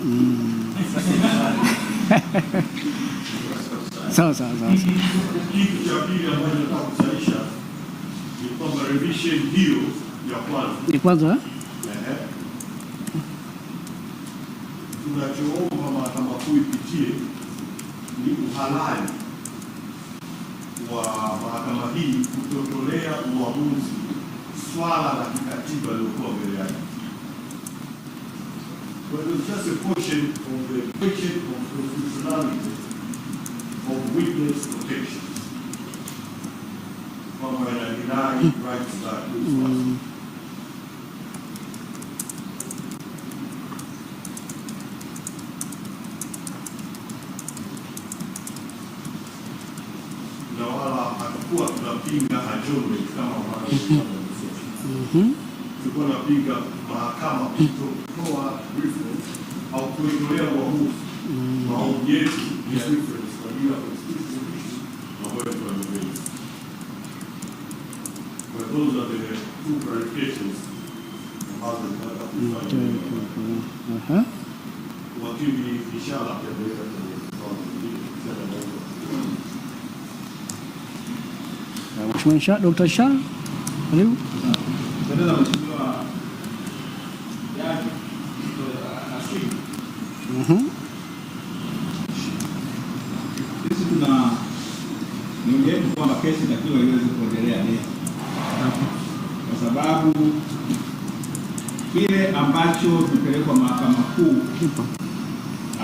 Mm. Sawa sawa sawa. Kitu cha pili ambacho nataka kusaisha ni kwamba revision hiyo ya kwanza ni kwanza, eh? tunachoomba mahakama kuu ipitie ni uhalali wa mahakama hii kutotolea uamuzi swala la kikatiba mbele yake. But it was just a portion of the equation of constitutionality of witness protection. Kwamba inadai rights za watu. Mm. Na wala hatakuwa tunapinga adjournment kama Mm-hmm. mahakama kutoa reference au kuondolea uamuzi mm-hmm. maombi yetu ya reference kwa ajili ya constitution ambayo Kwa those are the two clarifications ambazo tunataka kufanya. Aha. Mm-hmm. Uh-huh. Wakili ishara ya uh, Mheshimiwa Shah, karibu. kwanza mheshimiwa mhm. sisi tuna niungetu kwamba kesi takiwa iweze kuendelea leo, kwa sababu kile ambacho kimepelekwa mahakama kuu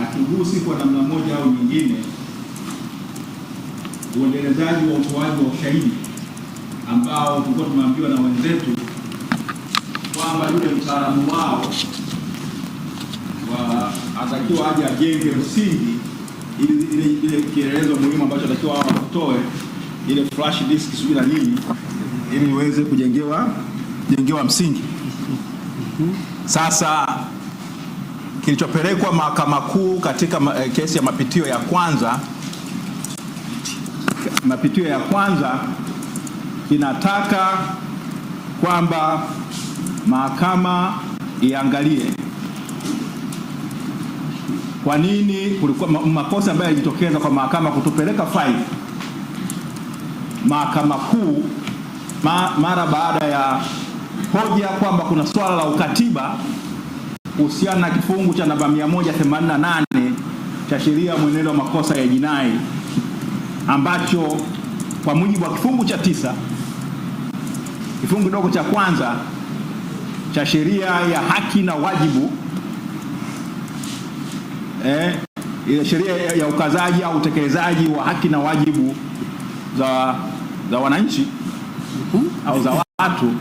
akigusi kwa namna moja au nyingine uendelezaji wa utoaji wa ushahidi ambao tulikuwa tumeambiwa na wenzetu kwamba yule mtaalamu wao wa atakiwa aje ajenge msingi ili ile kielelezo muhimu ambacho atakiwa hapo kutoe ile flash disk sijui na nini ili iweze kujengewa jengewa msingi. Sasa kilichopelekwa Mahakama Kuu katika eh, kesi ya mapitio ya kwanza, mapitio ya kwanza kinataka kwamba mahakama iangalie kwa nini kulikuwa makosa ambayo yalijitokeza kwa mahakama kutupeleka faili mahakama kuu mara baada ya hoja kwamba kuna swala la ukatiba kuhusiana na kifungu cha namba 188 cha sheria ya mwenendo wa makosa ya jinai ambacho kwa mujibu wa kifungu cha tisa kifungu kidogo cha kwanza cha sheria ya haki na wajibu eh, sheria ya ukazaji au utekelezaji wa haki na wajibu za, za wananchi au za watu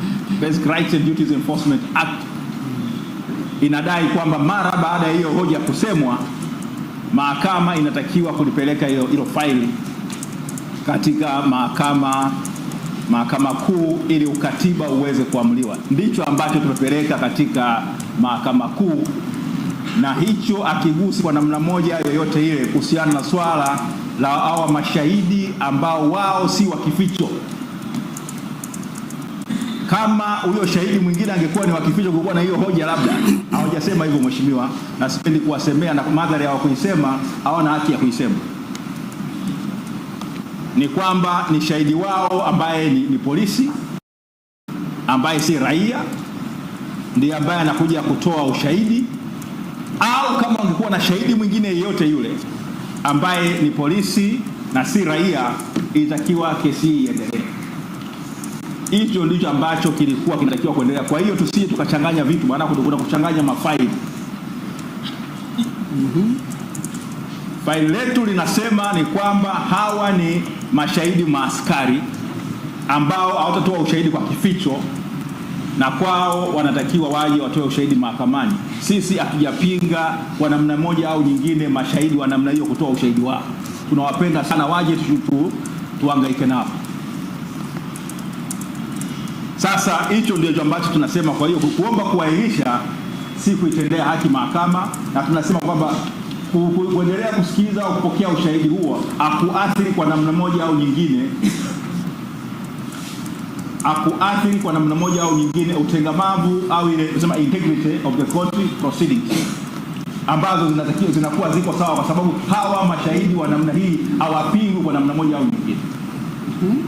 Basic Rights and Duties Enforcement Act inadai kwamba mara baada ya hiyo hoja kusemwa, mahakama inatakiwa kulipeleka hilo faili katika mahakama Mahakama Kuu ili ukatiba uweze kuamliwa. Ndicho ambacho tumepeleka katika Mahakama Kuu, na hicho akigusi kwa namna moja yoyote ile kuhusiana na swala la hawa mashahidi ambao wao si wa kificho. Kama huyo shahidi mwingine angekuwa ni wa kificho, kulikuwa na hiyo hoja, labda hawajasema hivyo, mheshimiwa, na sipendi kuwasemea na madhara ya kuisema, hawana haki ya kuisema ni kwamba ni shahidi wao ambaye ni, ni polisi ambaye si raia ndiye ambaye anakuja kutoa ushahidi, au kama ungekuwa na shahidi mwingine yeyote yule ambaye ni polisi na si raia, ilitakiwa kesi hii iendelee. Hicho ndicho ambacho kilikuwa kinatakiwa kuendelea. Kwa hiyo tusije tukachanganya vitu, maana kuna kuchanganya mafaili. mm -hmm faili letu linasema ni kwamba hawa ni mashahidi maaskari ambao hawatatoa ushahidi kwa kificho, na kwao wanatakiwa waje watoe ushahidi mahakamani. Sisi hatujapinga kwa namna moja au nyingine mashahidi wa namna hiyo kutoa ushahidi wao, tunawapenda sana waje tu, tuhangaike nao. Sasa hicho ndio ambacho tunasema. Kwa hiyo kuomba kuahirisha si kuitendea haki mahakama, na tunasema kwamba kuendelea kusikiliza au kupokea ushahidi huo akuathiri kwa namna moja au nyingine, akuathiri kwa namna moja au nyingine utengamavu au ile tunasema integrity of the court proceedings ambazo zinatakiwa zinakuwa ziko sawa, kwa sababu hawa mashahidi wa namna hii hawapingwi kwa namna moja au nyingine. Hmm.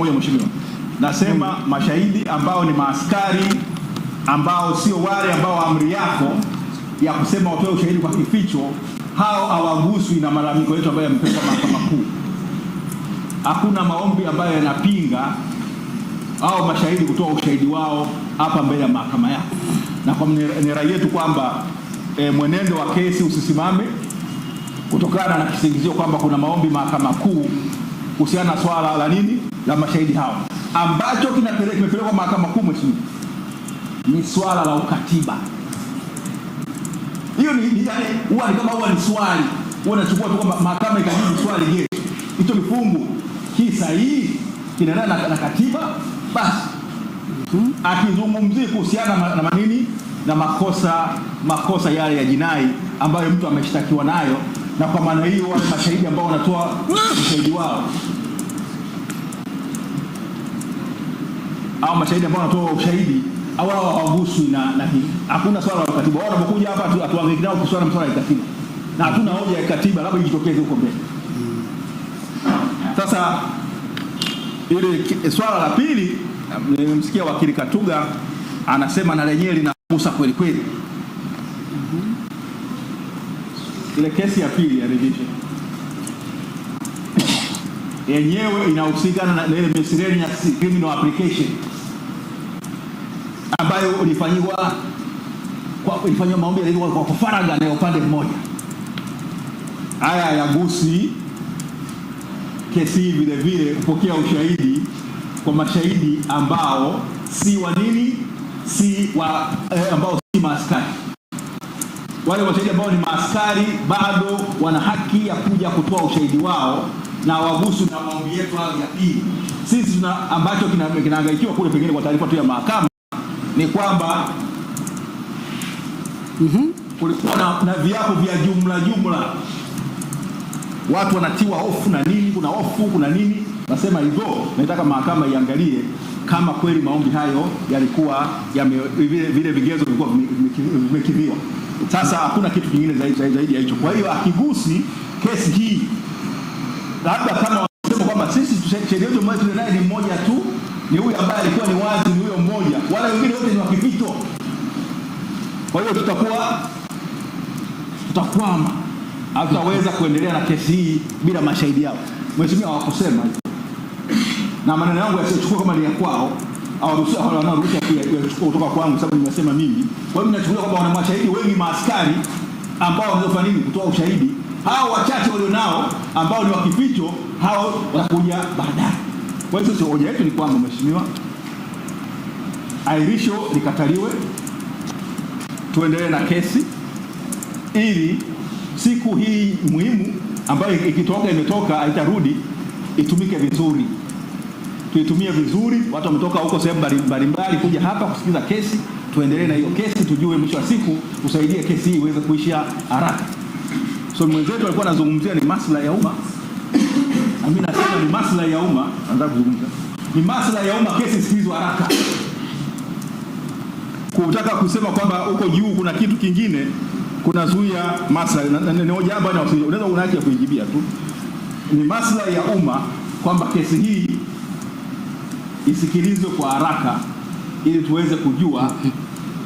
Moja mheshimiwa, nasema hmm. mashahidi ambao ni maaskari ambao sio wale ambao amri yako ya kusema watoe ushahidi kwa kificho, hao hawaguswi na malalamiko yetu ambayo yamepelekwa Mahakama Kuu. Hakuna maombi ambayo yanapinga au mashahidi kutoa ushahidi wao hapa mbele ya mahakama yao na kwa ni rai yetu kwamba e, mwenendo wa kesi usisimame kutokana na kisingizio kwamba kuna maombi Mahakama Kuu kuhusiana na swala la nini la mashahidi hao. Ambacho kimepelekwa Mahakama Kuu, mheshimiwa, ni swala la ukatiba. Hiyo ni huwa ni kama huwa ni swali, huwa nachukua tu kwamba mahakama ikajibu swali, je, hicho kifungu hii sahihi kinaendana na, na katiba? Basi hmm. akizungumzia kuhusiana na manini na makosa makosa yale ya jinai ambayo mtu ameshtakiwa nayo, na kwa maana hiyo wale mashahidi ambao wanatoa ushahidi wao au mashahidi ambao wanatoa ushahidi au wao hawaguswi na na hii. Hakuna swala la katiba. Wao wanapokuja hapa atuangalie kidogo kwa swala mswala ya katiba. Na hatuna hoja ya katiba, labda ijitokeze huko mbele. Sasa ile swala la pili nilimsikia wakili Katuga anasema na lenyewe linagusa kweli kweli. Ile kesi ya pili ya revision yenyewe inahusika na ile miscellaneous criminal application ambayo ulifanyiwa kwa ulifanyiwa maombi yalikuwa kwa faragha na upande mmoja. Haya yagusi kesi vile vile kupokea ushahidi kwa mashahidi ambao si wa nini, si wa eh, ambao si maaskari. Wale mashahidi ambao ni maaskari bado wana haki ya kuja kutoa ushahidi wao na wagusu na maombi yetu hayo ya pili. Sisi tuna ambacho kinahangaikiwa kule, pengine kwa taarifa tu ya mahakama ni kwamba mm -hmm. kulikuwa na, na viapo vya jumla jumla, watu wanatiwa hofu na nini, kuna hofu kuna nini. Nasema hivyo, nataka mahakama iangalie kama kweli maombi hayo yalikuwa vile vile vigezo vilikuwa vimekidhiwa. Sasa hakuna kitu kingine zaidi ya hicho. Kwa hiyo akigusi kesi hii, labda kama wanasema kwamba sisi sheria yetu naye ni mmoja tu ni huyu ambaye alikuwa ni wazi, ni huyo mmoja, wala wengine wote ni wakificho. Kwa hiyo tutakuwa tutakwama, hatutaweza kuendelea na kesi hii bila mashahidi yao. Mheshimiwa, hawakusema na maneno yangu yasiyochukua kama ni ya kwao wanaorusha kutoka kwangu, sababu nimesema mimi. Kwa hiyo ninachukulia kwamba wana mashahidi wengi maaskari ambao wanafanya nini, kutoa ushahidi. Hao wachache walionao ambao ni wakificho, hao watakuja baadaye. Kwa hiyo sisi hoja yetu ni kwamba mheshimiwa, airisho likataliwe, tuendelee na kesi ili siku hii muhimu ambayo ikitoka imetoka haitarudi, itumike vizuri, tuitumie vizuri. Watu wametoka huko sehemu mbalimbali kuja hapa kusikiza kesi, tuendelee na hiyo kesi, tujue mwisho wa siku usaidie kesi hii iweze kuisha haraka. So mwenzetu alikuwa anazungumzia ni maslahi ya umma na mimi nasema ni maslahi ya umma, nataka kuzungumza ni maslahi ya umma, kesi sikilizwe haraka. Kutaka kusema kwamba huko juu kuna kitu kingine kunazuia maslahi, na, unaweza una haki ya kuijibia tu. Ni maslahi ya umma kwamba kesi hii isikilizwe kwa haraka ili tuweze kujua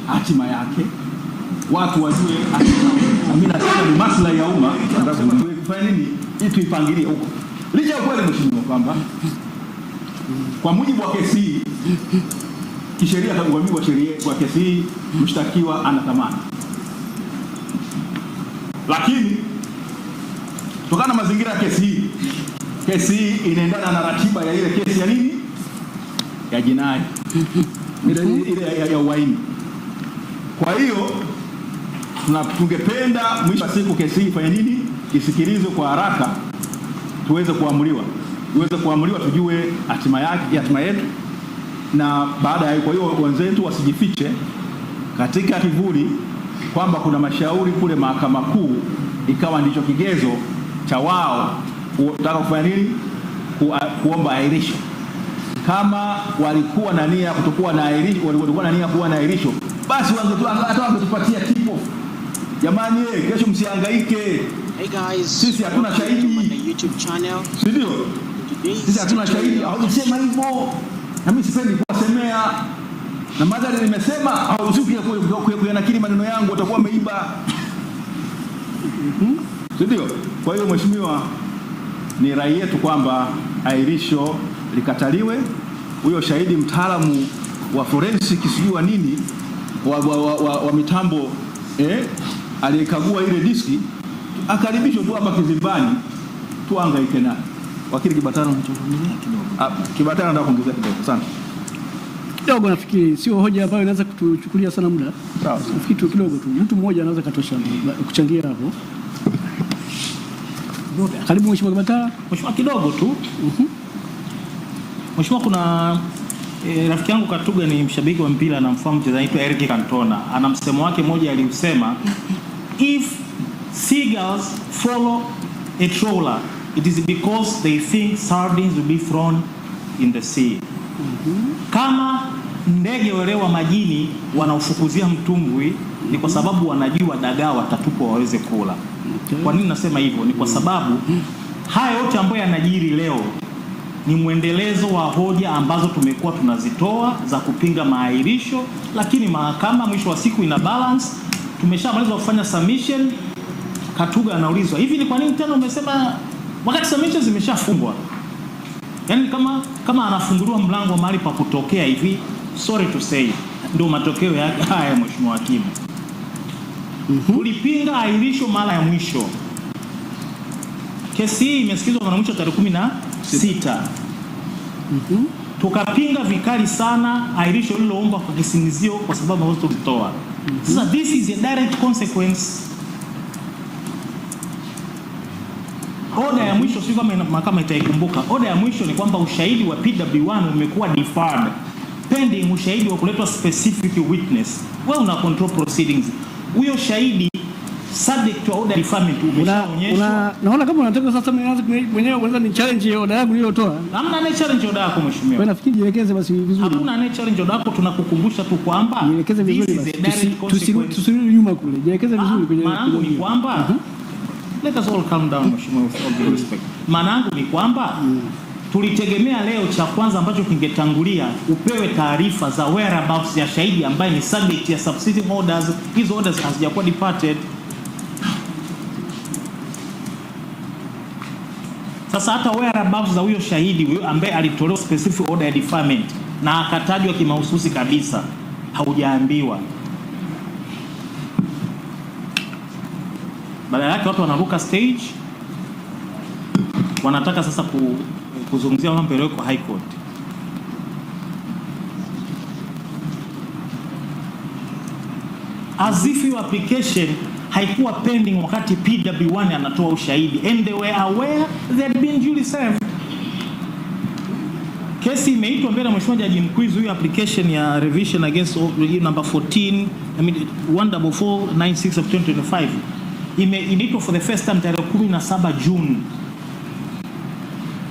hatima yake, watu wajue. Mimi nasema ni maslahi ya umma, nini, tuipangilie huko licha ya kweli mheshimiwa, kwamba kwa mujibu wa kesi hii kisheria, kwa mujibu wa sheria kwa kesi hii mshtakiwa ana dhamana, lakini kutokana na mazingira ya kesi hii, kesi hii inaendana na ratiba ya ile kesi ya nini ya jinai ile ya, ya, ya uhaini. Kwa hiyo tungependa mwisho wa siku kesi hii ifanye nini, isikilizwe kwa haraka tuweze kuamuliwa, tuweze kuamuliwa, tujue hatima yake, hatima yetu, na baada ya kwa hiyo wenzetu wasijifiche katika kivuli kwamba kuna mashauri kule Mahakama Kuu ikawa ndicho kigezo cha wao kutaka kufanya nini, kuomba ahirisho. Kama walikuwa na nia kutokuwa na ahirisho, walikuwa na nia kuwa na ahirisho, basi hata wangetupatia kipo. Jamani, eh, kesho msihangaike. Hey guys, sisi hatuna shahidi, si ndio? Sisi hatuna shahidi, haujisema hivyo, nami sipendi kuwasemea na madhali nimesema, hauziki kuyanakili maneno yangu, utakuwa umeiba, hmm? si ndio? Kwa hiyo mheshimiwa, ni rai yetu kwamba airisho likataliwe, huyo shahidi mtaalamu wa forensic sijui wa nini wa, wa, wa, wa, wa mitambo eh, aliyekagua ile diski akaribishwe tu hapa kizimbani, tuangaike naye. Wakili Kibatala, ah, Kibatala anataka kuongezea kidogo. Asante kidogo, nafikiri sio hoja ambayo inaweza kutuchukulia sana muda. Sawa, nafikiri tu kidogo tu, mtu mmoja anaweza katosha kuchangia hapo. Karibu Mheshimiwa Kibatala. Mheshimiwa, kidogo tu. Mhm. Mheshimiwa, kuna e, rafiki yangu Katuga ni mshabiki wa mpira, anamfahamu mchezaji anaitwa Eric Cantona, ana msemo wake mmoja aliusema if Seagulls follow a trawler. It is because they think sardines will be thrown in the sea. Mm -hmm. Kama ndege welewa majini wanaofukuzia mtumbwi ni kwa sababu wanajua dagaa watatupwa waweze kula. Okay. Kwa nini nasema hivyo? Ni kwa mm. sababu haya yote ambayo yanajiri leo ni mwendelezo wa hoja ambazo tumekuwa tunazitoa za kupinga maahirisho, lakini mahakama mwisho wa siku ina balance. Tumeshamaliza kufanya submission Katuga anaulizwa hivi, ni kwa nini tena umesema wakati samisha zimeshafungwa? Yaani kama kama anafunguliwa mlango mahali pa kutokea hivi, sorry to say, ndio matokeo yake haya, mheshimiwa hakimu. Mm -hmm. Ulipinga ahirisho mara ya mwisho. Kesi hii imesikizwa mara mwisho tarehe 16. Mm -hmm. Tukapinga vikali sana ahirisho lililoomba kwa kisingizio kwa sababu ambazo tulitoa. Mm -hmm. Sasa this is a direct consequence oda ya mwisho sio kama mahakama itaikumbuka. Oda ya mwisho ni kwamba ushahidi wa PW1 umekuwa deferred pending ushahidi wa kuletwa specific witness. Wewe una control proceedings, huyo shahidi subject to order deferment umeshaonyeshwa. Naona kama unataka sasa mwenyewe kwanza ni challenge oda yangu niliyotoa. Hamna ni challenge oda yako mheshimiwa. Wewe nafikiri jielekeze basi vizuri. Hamna ni challenge oda yako, tunakukumbusha tu kwamba jielekeze vizuri basi. Tusirudi nyuma kule. Jielekeze vizuri ah, kwenye. Maana ni kwamba mhm. Let us all calm down, Mheshimiwa, with all due respect. Maana yangu ni kwamba tulitegemea leo cha kwanza ambacho kingetangulia upewe taarifa za whereabouts ya shahidi ambaye ni subject ya subsidy orders. Hizo orders hazijakuwa departed. Sasa hata whereabouts za huyo shahidi huyo ambaye alitolewa specific order ya deferment na akatajwa kimahususi kabisa haujaambiwa. Badala yake watu wanaruka stage, wanataka sasa kuzungumzia mambo yaliyoko high court. As if your application haikuwa pending wakati PW1 anatoa ushahidi and they were aware they had been duly served. Kesi imeitwa mbele ya Mheshimiwa Jaji Mkwizu, hiyo application ya revision against number 14 I mean 14496 of 2025 imeitwa for the first time tarehe 17 Juni.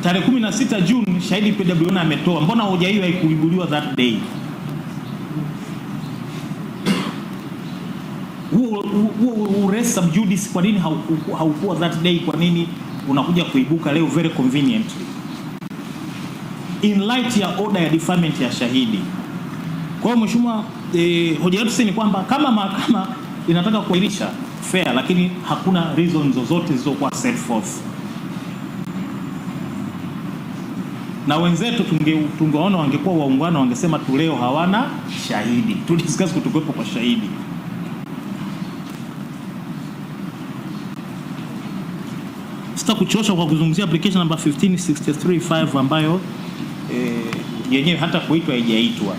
Tarehe 16 Juni shahidi PW ametoa, mbona hoja hiyo haikuibuliwa that day? Huo res sub judice kwa nini haukuwa that day? Kwa nini unakuja kuibuka leo very conveniently in light ya order ya deferment ya shahidi? Kwa hiyo mheshimiwa, eh, hoja yetu si ni kwamba kama mahakama inataka kuahirisha fair, lakini hakuna reason zozote zilizokuwa set forth na wenzetu tungeona wangekuwa waungwana, wangesema tu leo hawana shahidi, tu discuss kutokuwepo kwa shahidi. kuchosha kwa kuzungumzia application number 15635 ambayo eh, yenyewe hata kuitwa haijaitwa.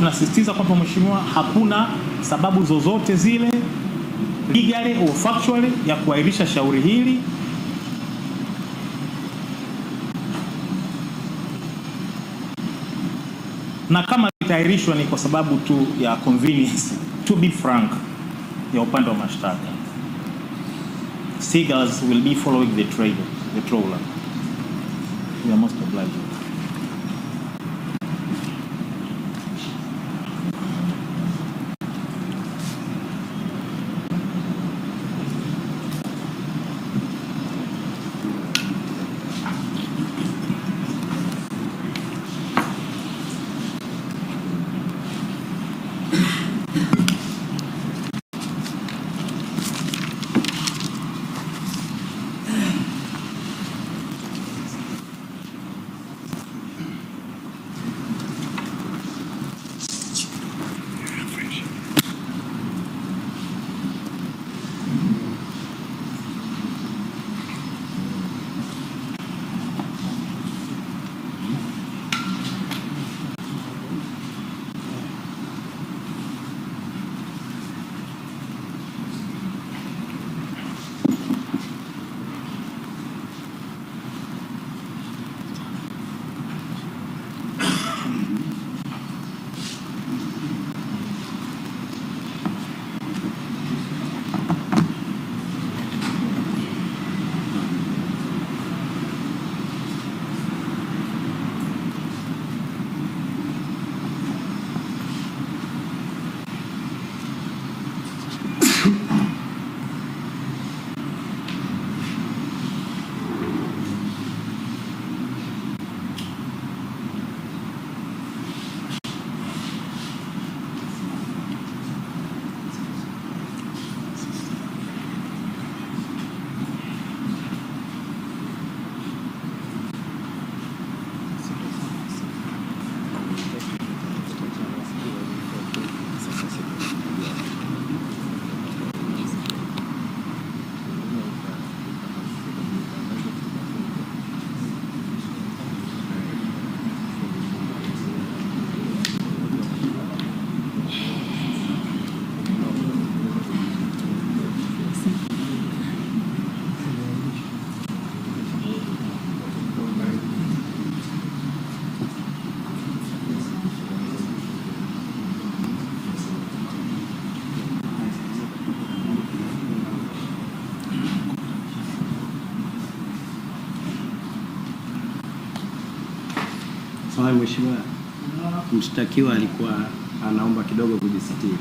tunasisitiza kwamba mheshimiwa, hakuna sababu zozote zile legally au factually ya kuahirisha shauri hili. na kama litaahirishwa ni kwa sababu tu ya convenience, to be frank, ya upande wa mashtaka. Seagulls will be following the trailer. The trawler. We are most obliged. Mheshimiwa, mshtakiwa alikuwa anaomba kidogo kujisitiri.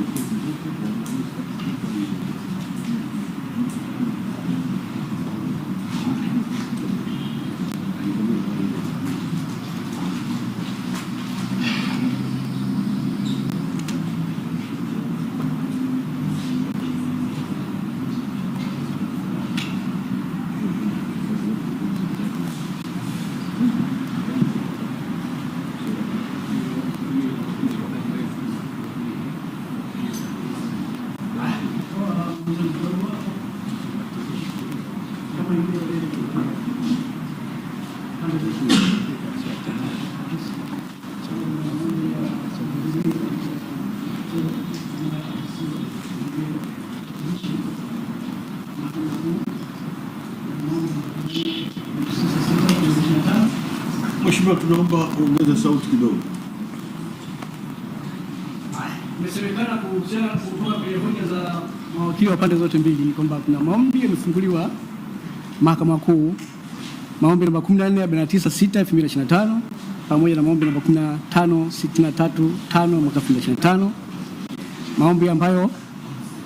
Thank mm-hmm. you. Mheshimiwa, tunaomba ongeza sauti kidogo. Imesemekana kuhusiana kutoka kwenye hoja za mawakili wa pande zote mbili ni kwamba kuna maombi yamefunguliwa Mahakama Kuu, maombi namba 14496/2025 pamoja na maombi namba 15635/2025, maombi ambayo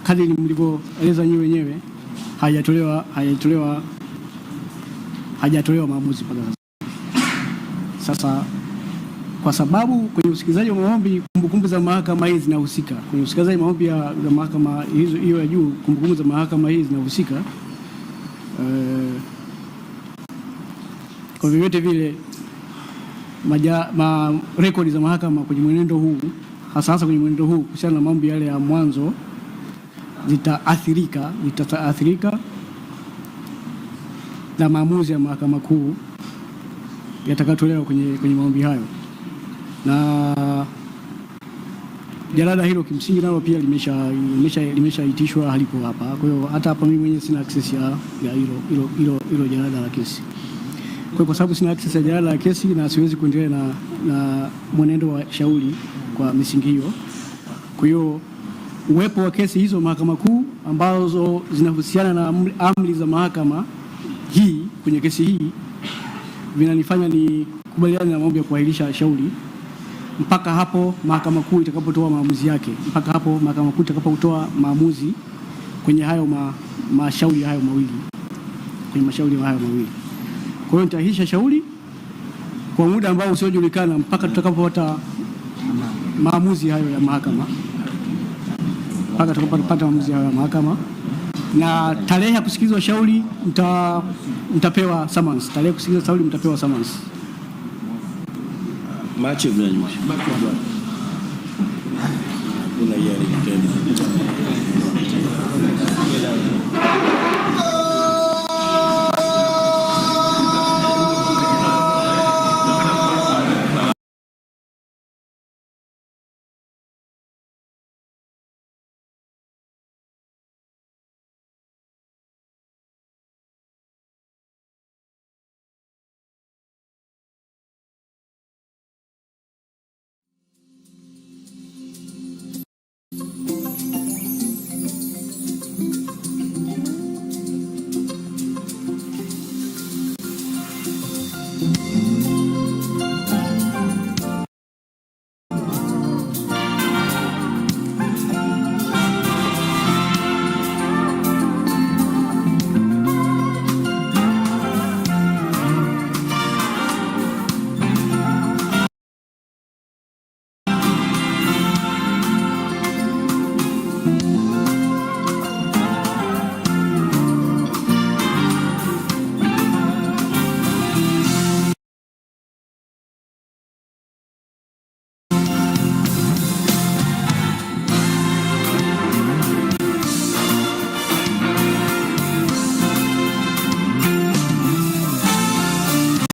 kadri mlivyoeleza nyinyi wenyewe hayajatolewa hayajatolewa hayajatolewa maamuzi mpaka sasa kwa sababu kwenye usikilizaji wa maombi kumbukumbu za mahakama hii zinahusika kwenye usikilizaji wa maombi ya mahakama hizo hiyo ya juu, kumbukumbu za mahakama hii zinahusika. Uh, kwa vyovyote vile maja, ma, rekodi za mahakama kwenye mwenendo huu hasa hasa kwenye mwenendo huu kuhusiana na maombi yale ya mwanzo zitaathirika, zitaathirika na maamuzi ya mahakama kuu yatakayotolewa kwenye, kwenye maombi hayo, na jalada hilo kimsingi nalo pia limeshaitishwa limesha, limesha halipo hapa. Kwa hiyo hata hapa mimi mwenyewe sina access ya ya hilo jalada la kesi. Kwa hiyo kwa sababu sina access ya jalada la kesi na siwezi kuendelea na, na mwenendo wa shauri kwa misingi hiyo. Kwa hiyo uwepo wa kesi hizo Mahakama Kuu ambazo zinahusiana na amri za mahakama hii kwenye kesi hii vinanifanya ni kubaliana na maombi ya kuahirisha shauri mpaka hapo mahakama kuu itakapotoa maamuzi yake, mpaka hapo mahakama kuu itakapotoa maamuzi kwenye hayo ma, mashauri hayo mawili kwenye mashauri hayo mawili. Kwa hiyo nitaahirisha shauri kwa muda ambao usiojulikana mpaka tutakapopata maamuzi hayo ya mahakama, mpaka tutakapopata maamuzi hayo ya mahakama. Na tarehe ya kusikilizwa shauri nita mtapewa summons tarehe kusikiliza sauli mtapewa summons Machi Ibrahim.